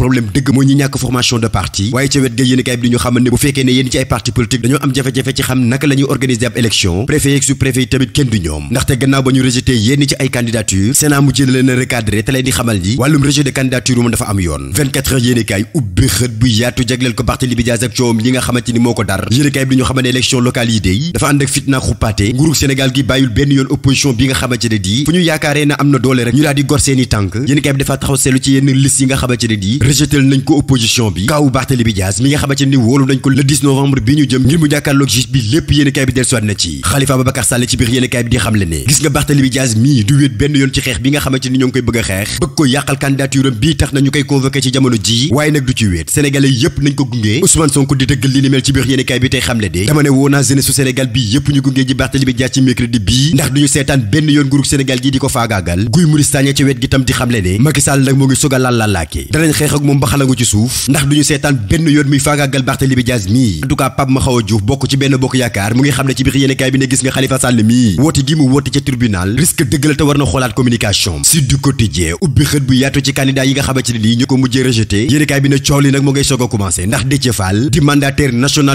problème dëgg mooy ñi ñàkk formation de parti waaye ca wet ga yéen bi ñu xamal bu fekkee ne yéen ci ay parti politique dañoo am jafe-jafe ci xam naka la ñuy organiser ab élection préfet yeeg sous-préfet yi tamit kenn du ñoom ndaxte gannaaw ba ñu rejeté yéen ci ay candidature sénat mujjee na leen te leen di xamal ni wàllum rejet de candidature moom dafa am yoon 24 heures i kaay ubbi xët bu yaatu jagleel ko Barthélémy Dias ak coowam li nga i xamal ci yenn liste rejetel nañ ko opposition bi kaawu Barthélémy Dias mi nga xamante ni wóolu nañ ko le novembre bi ñu jëm ngir mu jàkkaarloog juge bi lépp yéen bi dellusiwaat xamle ne gis nga Barthélémy bi nga ci jamono bi ndax duñu seetaan benn yoon nguurug Sénégal gi di ko faagaagal Guy Marius ci wet gi tam di xamle ne Macky nag moo ngi soga laal laalaake danañ xeex ak moom baxalangu ci suuf ndax duñu seetaan benn yoon muy faagaagal Barthélémy Dias mii en tout cas Pape Mahawa bokk ci benn bokk yaakaar mu ngi xam ne ci biir yéenekaay bi ne gis nga Khalifa Sall ci candidat yi nga bi a di xam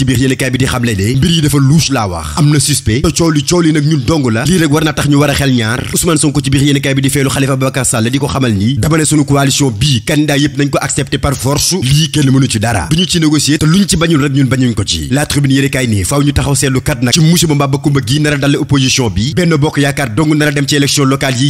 ne mbir yi dafa louche laa wax am na suspect coow li coow li nag ñun dong la lii rek war na tax ñu war a xel ñaar Ousmane Sonko ci biir yéenekaay bi di feelu Khalifa Ababacar Sall di ko xamal ni dama ne sunu coalition bi benn yi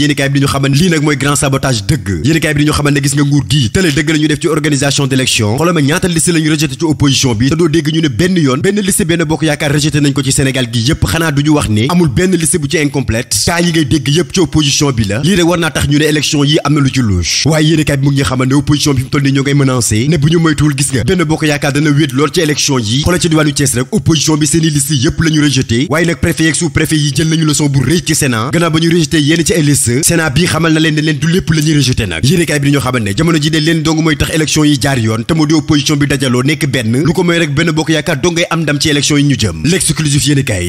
yéenekaay ñu xamal lii nag mooy grand sabotage dëgg yéenekaay bi di xamal ne gis nga nguur gi tële dëgg ñu ne benn yoon benn liste benn bokk yaakaar rejeté nañ ko ci Sénégal gi gi yëpp xanaa du ñu wax ne amul benn liste bu ci incomplète cas yi ngay dégg yëpp ci opposition bi la lii rek war naa tax ñu ne élection yi am na lu ci louche waaye yéen bi mu ngi xamal ne opposition bi toll nii ñoo ngay menacé ne ñu moytuwul gis nga benn boo ko yaakaar dana wéet lool ci élection yi xoolal ci diwaanu Thiès rek opposition bi seen liste yëpp la ñu waaye nag préfet yeeg sous préfet yi jël nañu leçon bu rëy ci Sénat gannaaw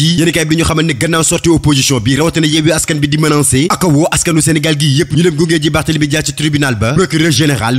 yi yéen kaay bi ñu xamal ne gannaaw sorti opposition bi rawatina Yewwi Askan bi di menacé ak woo askanu Sénégal gi yëpp ñu dem gungee ji Barthélémy Dias ci tribunal ba procureur général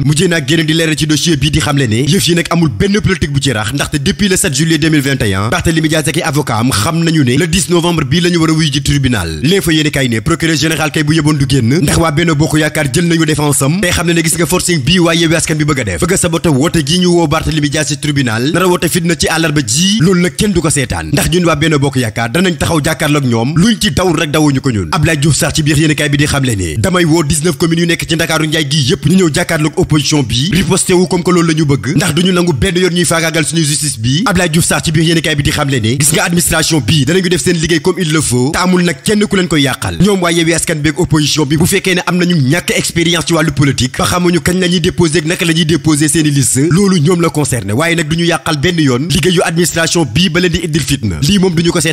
kay bu yeboon du génn ndax waa Benno Bokk Yaakaar jël nañu défense am xam ne ne gis nga forcing bii waa Yewwi Askan bi bëgg def bëgg a sabota woote gi ñu woo Barthélémy Dias ci tribunal nara woote fitna ci àllarba ji loolu nag kenn du ko seetaan ndax ñun waa yaakaar danañ taxaw jàkkaarloog ñoom luñ ci dawul rek dawuñu ko ñun Abdoulaye Diouf Sarr ci biir yéenekaay bi di xamle ne damay woo 19 communes yu nekk ci Ndakaaru njaay gi yépp ñu ñëw jàkkaarloog opposition bi riposte wu comme loolu la ñu bëgg ndax duñu nangu benn yoon ñuy faagaagal suñu justice bi Abdoulaye Diouf Sarr ci biir yéenekaay bi di xamle ne gis nga administration bi danañu def seen liggéey comme il le faut te nag kenn ku leen koy yàqal ñoom waa Yewwi Askan Wi ak opposition bi bu fekkee ne am nañu ñàkk expérience ci wàllu politique ba xamuñu kañ la ñuy déposé ak la ñuy déposé seeni liste loolu ñoom la concerné waaye nag duñu yàqal benn yoon liggéeyu administration bii ba leen di indil fitna lii moom duñu ko seet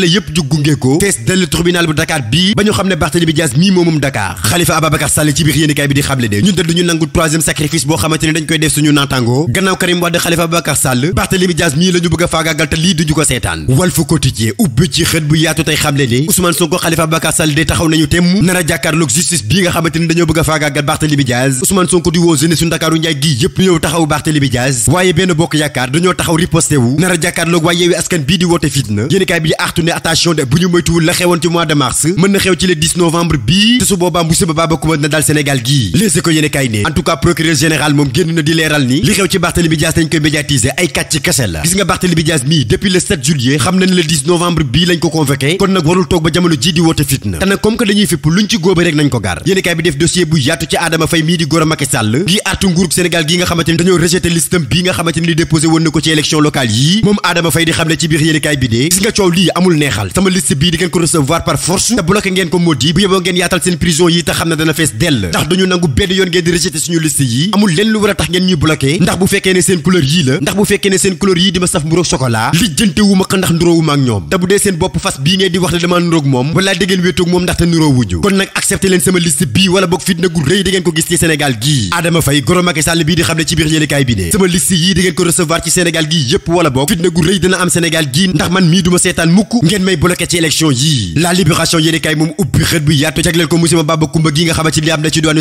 sénégalais yëpp jug gunge ko fees dellu bu Dakar bii ba ñu xam ne Barthélémy Dias mii moomum Dakar Khalifa Ababacar Sall ci biir yéenekaay bi di xamle ne ñun de duñu nangul troisième sacrifice boo xamante ne koy def suñu natango gannaaw Karim Wade Khalifa Ababacar Sall Barthélémy Dias mii la bëgg faagaagal te lii duñu ko seetaan Walf Quotidien ubbi ci xët bu yaatu tey xamle ne Ousmane Sonko di woo jeunesse su Ndakaaru njaay gi yëpp ñëw taxaw artu bu ñu moytuwul la xewoon ci mois de mars mën na xew ci le novembre bii te su boobaa baaba kuma na dal Sénégal gii Les Échos yéene kaay ne en procureur général moom génn la gis xam na ne le novembre bii lañ ko convoqué kon nag warul toog ba jamono ji di woote fitna te nag dañuy fépp luñ ci góobe rek nañ ko gar yéene bi def dossier bu yaatu ci Adama Faye mii di góor a Macky Sall gi artu nguurug Sénégal gi nga xamante dañoo rejeté amul sama liste bii di ko recevoir par te bloqué ngeen ko modi bu yeboo ngeen yaatal seen prison yi te xam ne dana fees dell ndax duñu nangu benn yoon ngeen di rejeté suñu liste yi amul leen lu war a tax ngeen ñuy bloqué ndax bu fekkee ne seen couleur yii la ndax bu fekkee ne seen couleur yii di ma saf mburoog chocolat lijjante wu ko ndax nuróowu ñoom te bu dee seen bopp fas bii ngeen di wax ne dama nuróog moom wala da ngeen moom ndax ngeen may bloqué ci élection yii la libération yéeni kaay moom ubbi xët bu yaatu jagleel ko musiba Baba Kumba gi nga xamante ci di ñu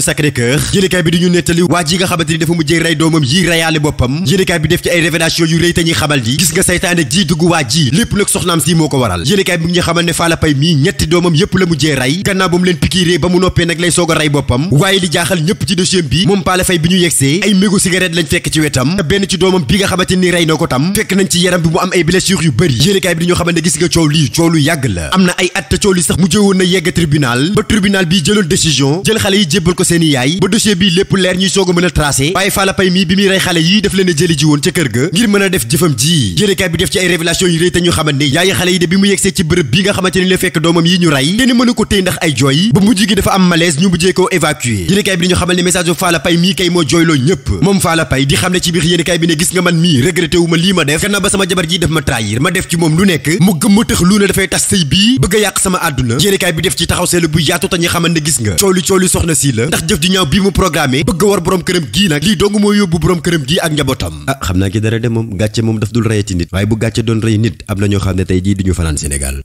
yépp la mujjee rey gannaaw leen pikiiree ba mu noppee nag lay soog a rey boppam waaye li jaaxal ci dossier bi moom Pala bi ñu yegsee ay mégo cigarette fekk ci wetam benn ci doomam bi nga xamante ni rey na ko tam fekk nañ ci yaram bi mu am ay blessures yu bëri yéeni bi di xamal ne gis nga coow lii coow lu yàgg la am na ay at coow li sax mu jëwoon na yegg tribunal ba tribunal bi jëloon décision jël xale yi jébbal ko seeni yaay ba dossier bi lépp leer ñu xamante ne yaayi bi mu yegsee ci bërëb bi nga xamante ni la fekk doomam yi ñu rey kenn mënu ko téy ndax ay jooy ba mujj gi dafa am malaise ñu mujjee koo évacué yéenekaay bi dañu xamal ne message bu mii kay moo jooyloo ñëpp moom Falla di xam ne ci biir yéenekaay bi ne gis nga féex lu ne dafay tas sëy bii bëgg a yàq sama àdduna yéenekaay bi def ci taxaw seetlu bu yaatu tañu xamal ne gis nga coolu coolu soxna si la ndax jëf ju ñaaw bii mu programmé bëgg a war borom këram gii nag lii dong moo yóbbu borom këram gii ak njabootam ah xam naa ki dara de moom gàcce moom daf dul reyati nit waaye bu gàcce doon rey nit am na ñoo xam ne tey jii du ñu fanaan Sénégal